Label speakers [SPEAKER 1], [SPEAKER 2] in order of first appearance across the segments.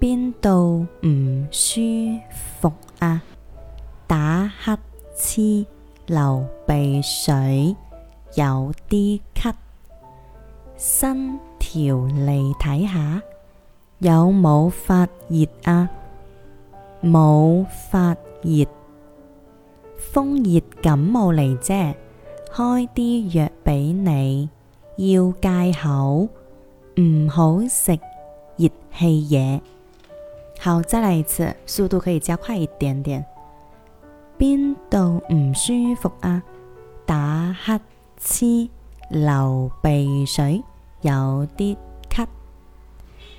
[SPEAKER 1] 邊度唔舒服啊？打乞嗤、流鼻水，有啲咳，伸條脷睇下，有冇發熱啊？冇發熱，風熱感冒嚟啫。開啲藥畀你，要戒口，唔好食熱氣嘢。好，再來一次，速度可以加快一點點。邊度唔舒服啊？打乞嗤、流鼻水，有啲咳。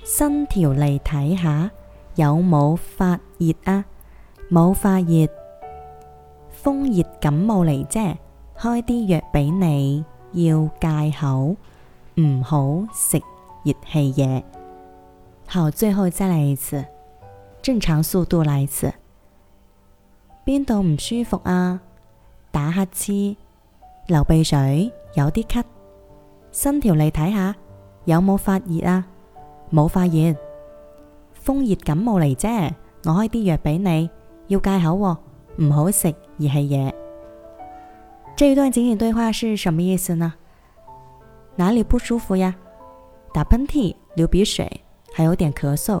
[SPEAKER 1] 伸條脷睇下，有冇發熱啊？冇發熱，風熱感冒嚟啫。開啲藥畀你，要戒口，唔好食熱氣嘢。好，最後再嚟一次。正常速度嚟一次，邊度唔舒服啊？打乞嗤，流鼻水，有啲咳，伸條脷睇下，有冇發熱啊？冇發熱，風熱感冒嚟啫。我開啲藥俾你，要戒口喎，唔好食熱氣嘢。這一段情景對話是什麼意思呢？哪裏不舒服呀？打噴嚏，流鼻水，還有點咳嗽。